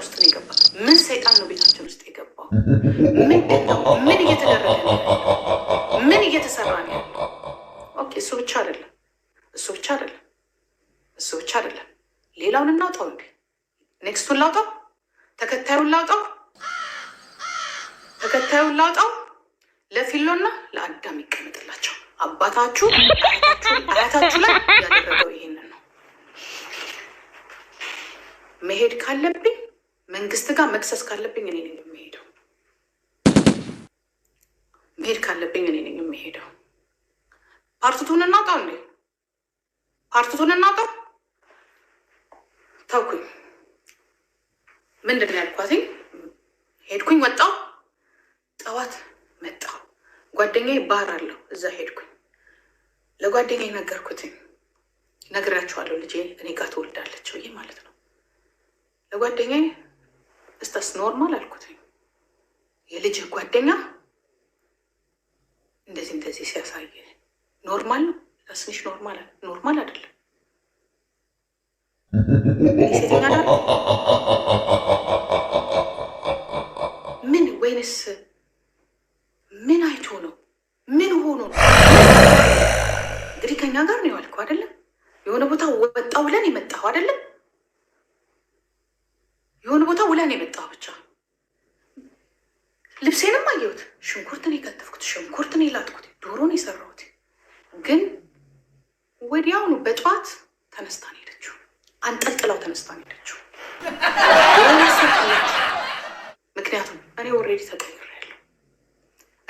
ውስጥ ነው የገባ? ምን ሰይጣን ነው ቤታችን ውስጥ የገባው? ምንድን ነው? ምን እየተደረገ ነው? ምን እየተሰራ ነው? ኦኬ፣ እሱ ብቻ አይደለም፣ እሱ ብቻ አይደለም፣ እሱ ብቻ አይደለም። ሌላውን እናውጣው እንዴ? ኔክስቱን ላውጣው፣ ተከታዩን ላውጣው፣ ተከታዩን ላውጣው። ለፊሎና ለአዳም ይቀመጥላቸው። አባታችሁ አያታችሁ ላይ ያደረገው ይሄንን ነው። መሄድ ካለብኝ መንግስት ጋር መክሰስ ካለብኝ እኔ ነኝ የሚሄደው። መሄድ ካለብኝ እኔ ነኝ የሚሄደው። ፓርቲቱን እናውጣው እንዴ? ፓርቲቱን እናውጣው ተውኩኝ። ምንድን ያልኳትኝ? ሄድኩኝ፣ ወጣው፣ ጠዋት መጣው ጓደኛዬ ባህር አለው እዛ ሄድኩኝ። ለጓደኛዬ ነገርኩትኝ። ነግራችኋለሁ ልጄ እኔ ጋር ትወልዳለች ብዬ ማለት ነው ለጓደኛዬ እስተስ ኖርማል አልኩት። የልጅህ ጓደኛ እንደዚህ እንደዚህ ሲያሳይ ኖርማል ነው። ስንሽ ኖርማል ኖርማል አይደለም። ምን ወይንስ ነው የመጣው። ብቻ ልብሴንም አየሁት። ሽንኩርትን የከተፍኩት፣ ሽንኩርትን የላጥኩት፣ ዶሮን የሰራሁት ግን ወዲያውኑ በጠዋት ተነስታን ሄደችው። አንጠልጥላው ተነስታን ሄደችው። ምክንያቱም እኔ ኦልሬዲ ተቀይሬያለሁ።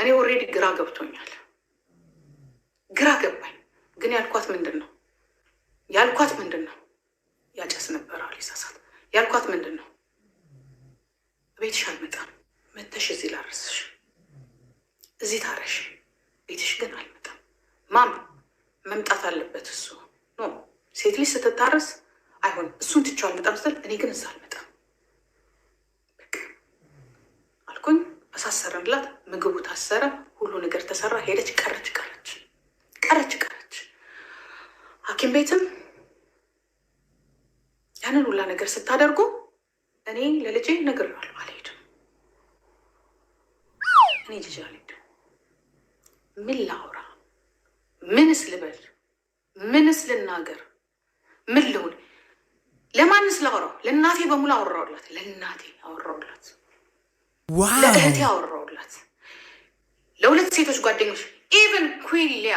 እኔ ኦልሬዲ ግራ ገብቶኛል። ግራ ገባኝ። ግን ያልኳት ምንድን ነው ያልኳት ምንድን ነው ያጨስ ነበር አለ ያልኳት ምንድን ነው ቤትሽ አልመጣም። መተሽ እዚህ ላረስሽ፣ እዚህ ታረሽ። ቤትሽ ግን አልመጣም። ማም መምጣት አለበት እሱ ኖ ሴት ልጅ ስትታረስ አይሆንም። እሱን ትቼው አልመጣም ስትል እኔ ግን እዛ አልመጣም አልኩኝ። አሳሰረን ምግቡ ታሰረ፣ ሁሉ ነገር ተሰራ። ሄደች፣ ቀረች ቀረች ቀረች ቀረች። ሐኪም ቤትም ያንን ሁላ ነገር ስታደርጉ እኔ ለልጄ ነግሬዋለሁ እኔ ልጅ አልሄድም። ምን ላውራ? ምንስ ልበል? ምንስ ልናገር? ምን ልሁን? ለማንስ ላውራው? ለእናቴ በሙሉ አወራውላት። ለእናቴ አወራውላት፣ ለእህቴ አወራውላት፣ ለሁለት ሴቶች ጓደኞች ኢቨን ኩሊያ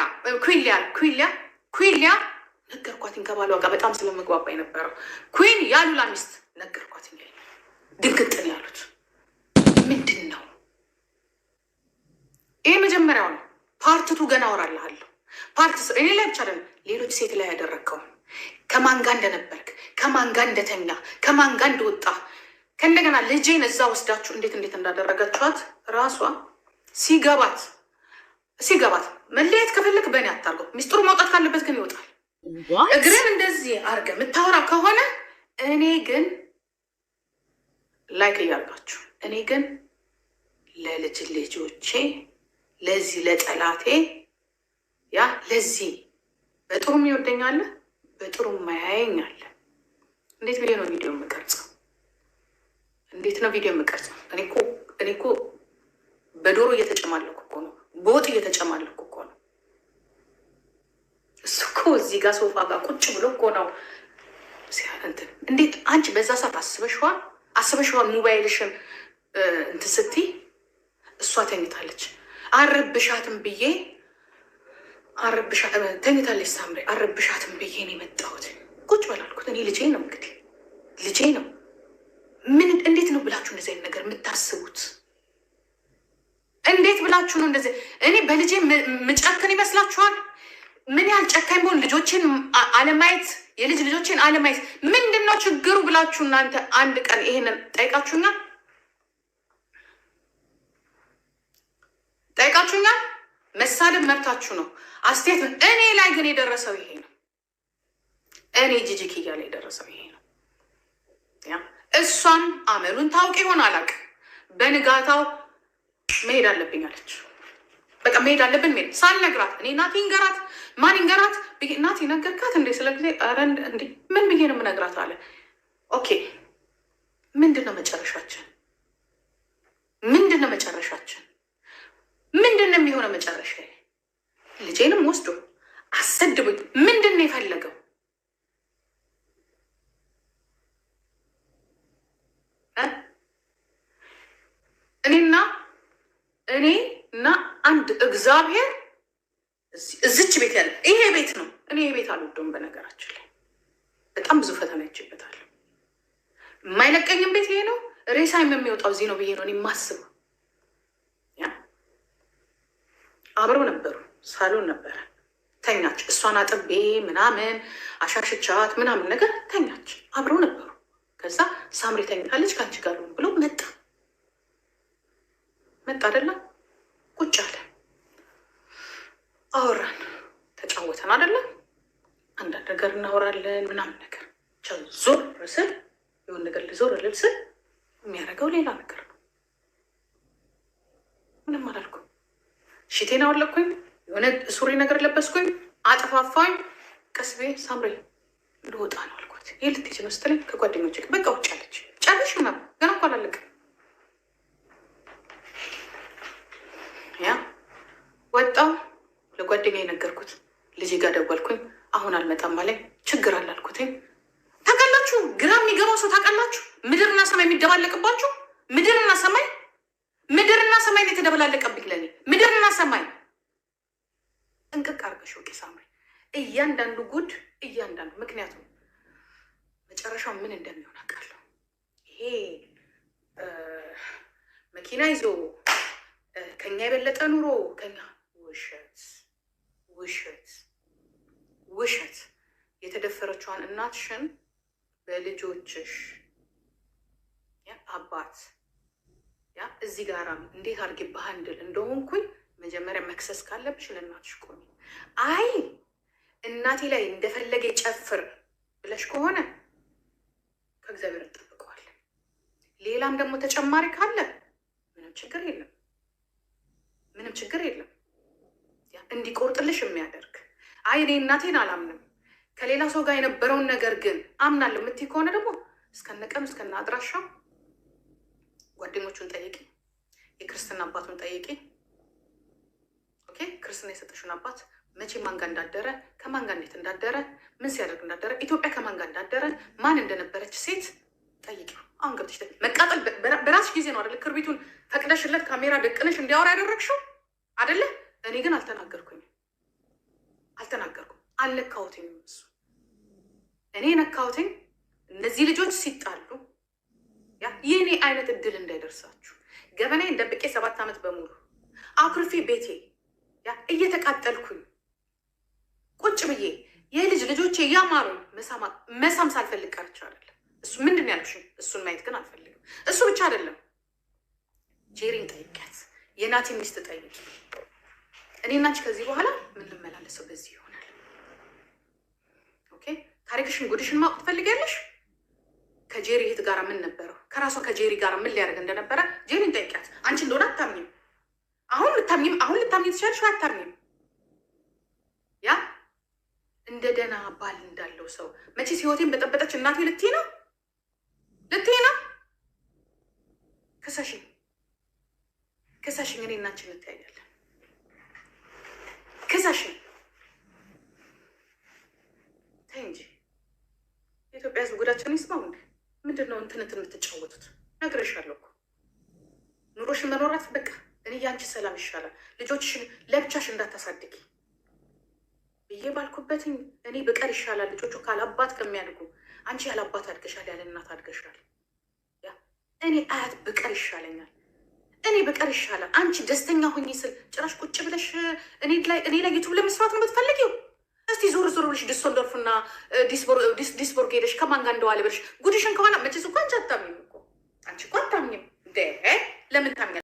ኩሊያ ኩሊያ ኩሊያ ነገርኳትኝ። ከባሏ ጋር በጣም ስለመግባባ የነበረው ኩን ያሉላ ሚስት ነገርኳትኝ። ድንግጥ ያሉት። የመጀመሪያው ነው። ፓርትቱ ገና አወራልሃለሁ። ፓርት እኔ ላይ ብቻ ሌሎች ሴት ላይ ያደረግከውን ከማን ጋር እንደነበርክ፣ ከማን ጋር እንደተኛ፣ ከማን ጋር እንደወጣ ከእንደገና ልጄን እዛ ወስዳችሁ እንዴት እንዴት እንዳደረጋችኋት ራሷ ሲገባት ሲገባት መለየት ከፈለግ በእኔ አታርገው። ሚስጥሩ መውጣት ካለበት ግን ይወጣል። እግርን እንደዚህ አርገ የምታወራ ከሆነ እኔ ግን ላይክ እያርጋችሁ እኔ ግን ለልጅ ልጆቼ ለዚህ ለጠላቴ ያ ለዚህ በጥሩ የሚወደኛለ በጥሩ የማያየኛለ። እንዴት ብዬ ነው ቪዲዮ የምቀርጸው? እንዴት ነው ቪዲዮ የምቀርጸው? እኔ እኮ በዶሮ እየተጨማለኩ እኮ ነው፣ በወጥ እየተጨማለኩ እኮ ነው። እሱ እኮ እዚህ ጋር ሶፋ ጋር ቁጭ ብሎ እኮ ነው እንትን። እንዴት አንቺ በዛ ሰዓት አስበሽዋል? አስበሽዋል? ሞባይልሽን እንትን ስትይ እሷ ተኝታለች። አረብሻትም ብዬ አረብሻት ተኝታለች ሳምሪ አረብሻትም ብዬ ነው የመጣሁት። ቁጭ በላልኩት እኔ ልጄ ነው እንግዲህ ልጄ ነው። ምን እንዴት ነው ብላችሁ እንደዚህ አይነት ነገር የምታስቡት? እንዴት ብላችሁ ነው እንደዚህ? እኔ በልጄ ምጨክን ይመስላችኋል? ምን ያህል ጨካኝ ቢሆን ልጆችን አለማየት የልጅ ልጆችን አለማየት ምንድን ነው ችግሩ ብላችሁ እናንተ አንድ ቀን ይሄንን ጠይቃችሁና ጠይቃችሁኛል። መሳደብ መብታችሁ ነው። አስተያየት እኔ ላይ ግን የደረሰው ይሄ ነው። እኔ ጂጂ እያለ የደረሰው ይሄ ነው። እሷን አመሉን ታውቅ ይሆን አላቅ። በንጋታው መሄድ አለብኝ አለች። በቃ መሄድ አለብን መሄድ ሳልነግራት እኔ ናቲ ይንገራት ማን ንገራት ናቲ ነገርካት እንዴ ስለ ጊዜ እንዴ ምን ብዬ ነው የምነግራት አለ። ኦኬ ምንድን ነው መጨረሻችን? ምንድን ነው መጨረሻችን? ምንድን ነው የሚሆነው? መጨረሻ ልጄንም ወስዶ አሰድቡኝ። ምንድን ነው የፈለገው? እኔና እኔ እና አንድ እግዚአብሔር እዚች ቤት ያለ ይሄ ቤት ነው። እኔ ይሄ ቤት አልወደውም። በነገራችን ላይ በጣም ብዙ ፈተና ይችበታል። የማይለቀኝም ቤት ይሄ ነው። ሬሳይም የሚወጣው እዚህ ነው ብዬ ነው እኔ የማስበው። አብረው ነበሩ። ሳሎን ነበረ። ተኛች። እሷን አጥቤ ምናምን አሻሽቻት ምናምን ነገር ተኛች። አብረው ነበሩ። ከዛ ሳምሪ ተኝታለች ከአንቺ ጋር ብሎ መጣ መጣ አይደለም ቁጭ አለ። አወራን፣ ተጫወተን አይደለም አንዳንድ ነገር እናወራለን ምናምን ነገር ቻው። ዞር ስል የሆን ነገር ልዞር ልል ስል የሚያደርገው ሌላ ነገር ነው ምንም ሽቴን አወለኩኝ፣ የሆነ ሱሪ ነገር ለበስኩኝ፣ አጠፋፋኝ። ቀስቤ ሳምሬ ልወጣ ነው አልኳት። ይህ ልትሄጂ ነው ስትለኝ ከጓደኞች በቃ ውጭ አለች። ጨርሽ ምናምን ገና እኮ አላለቅም። ያ ወጣው ለጓደኛ የነገርኩት ልጅ ጋር ደወልኩኝ። አሁን አልመጣም አለኝ። ችግር አላልኩትኝ። ታውቃላችሁ፣ ግራ የሚገባው ሰው ታውቃላችሁ፣ ምድርና ሰማይ የሚደባለቅባችሁ ምድርና ሰማይ ምድርና ሰማይ የተደበላለቀብኝ ለኔ ሰማይ እንቅቅ አርገሽ ወቂ ሳምሪ። እያንዳንዱ ጉድ እያንዳንዱ ምክንያቱም መጨረሻው ምን እንደሚሆን አውቃለሁ። ይሄ መኪና ይዞ ከኛ የበለጠ ኑሮ ከኛ ውሸት ውሸት ውሸት። የተደፈረችዋን እናትሽን በልጆችሽ አባት ያ እዚህ ጋራ እንዴት አድርጌ በሃንድል እንደሆንኩኝ መጀመሪያ መክሰስ ካለብሽ ለእናትሽ ቆሚ። አይ እናቴ ላይ እንደፈለገ ጨፍር ብለሽ ከሆነ ከእግዚአብሔር እንጠብቀዋለን። ሌላም ደግሞ ተጨማሪ ካለ ምንም ችግር የለም፣ ምንም ችግር የለም። እንዲቆርጥልሽ የሚያደርግ አይ እኔ እናቴን አላምንም ከሌላ ሰው ጋር የነበረውን ነገር ግን አምናለሁ የምትይ ከሆነ ደግሞ እስከነቀም እስከነ አድራሻው ጓደኞቹን ጠይቂ፣ የክርስትና አባቱን ጠይቂ። ክርስትና የሰጠሽውን አባት መቼ ማንጋ እንዳደረ ከማንጋ እንዴት እንዳደረ ምን ሲያደርግ እንዳደረ ኢትዮጵያ ከማንጋ እንዳደረ ማን እንደነበረች ሴት ጠይቂው። አሁን ገብተሽ መቃጠል በራስሽ ጊዜ ነው አደለ? ክር ቤቱን ፈቅደሽለት ካሜራ ደቅነሽ እንዲያወራ ያደረግሽው አደለ? እኔ ግን አልተናገርኩኝ አልተናገርኩም፣ አልነካሁትኝ። እሱ እኔ ነካሁትኝ። እነዚህ ልጆች ሲጣሉ የእኔ አይነት እድል እንዳይደርሳችሁ ገበናዬን ደብቄ ሰባት ዓመት በሙሉ አኩርፌ ቤቴ እየተቃጠልኩኝ ቁጭ ብዬ የልጅ ልጆቼ እያማሩ መሳም ሳልፈልግ ቀርቼ አይደለም። እሱ ምንድን ያልኩሽ እሱን ማየት ግን አልፈልግም። እሱ ብቻ አይደለም። ጄሪን ጠይቂያት፣ የናቲ ሚስት ጠይቂ። እኔና አንቺ ከዚህ በኋላ ምንመላለሰው በዚህ ይሆናል። ኦኬ ታሪክሽን ጉድሽን ማወቅ ትፈልጊያለሽ? ከጄሪ እህት ጋር ምን ነበረው? ከራሷ ከጄሪ ጋር ምን ሊያደርግ እንደነበረ ጄሪን ጠይቂያት። አንቺ እንደሆነ አታምኝም አሁን ልታምኝም አሁን ልታምኝ ትችያለሽ አታምኝም? ያ እንደ ደህና ባል እንዳለው ሰው መቼ ሲወቴን በጠበጠች እናቴ ልትይ ነው ልትይ ነው። ክሰሽኝ ክሰሽኝ፣ እኔ እናችን እንተያያለን። ክሰሽኝ ተይ እንጂ የኢትዮጵያ ህዝብ ጉዳችን ይስማው እንዴ! ምንድን ነው እንትንትን የምትጫወቱት? ነግሬሻለሁ እኮ ኑሮሽን መኖራት በቃ እኔ ያንቺ ሰላም ይሻላል፣ ልጆችሽን ለብቻሽ እንዳታሳድጊ ብዬ ባልኩበትኝ እኔ ብቀር ይሻላል፣ ልጆቹ ካላባት ከሚያድጉ አንቺ ያላባት አድገሻል፣ ያለ እናት አድገሻል። እኔ አያት ብቀር ይሻለኛል፣ እኔ ብቀር ይሻላል። አንቺ ደስተኛ ሁኝ ስል ጭራሽ ቁጭ ብለሽ እኔ ላይ ዩቱብ ለመስራት ነው የምትፈልጊው? እስቲ ዞር ዞር ብለሽ ዲሶልዶርፍና ዲስቦርግ ሄደሽ ከማን ጋር እንደዋለ ብለሽ ጉድሽን ከኋላ መቼስ እኮ አንቺ አታምኝም እኮ አንቺ እኮ አታምኝም። ለምን ታምኛ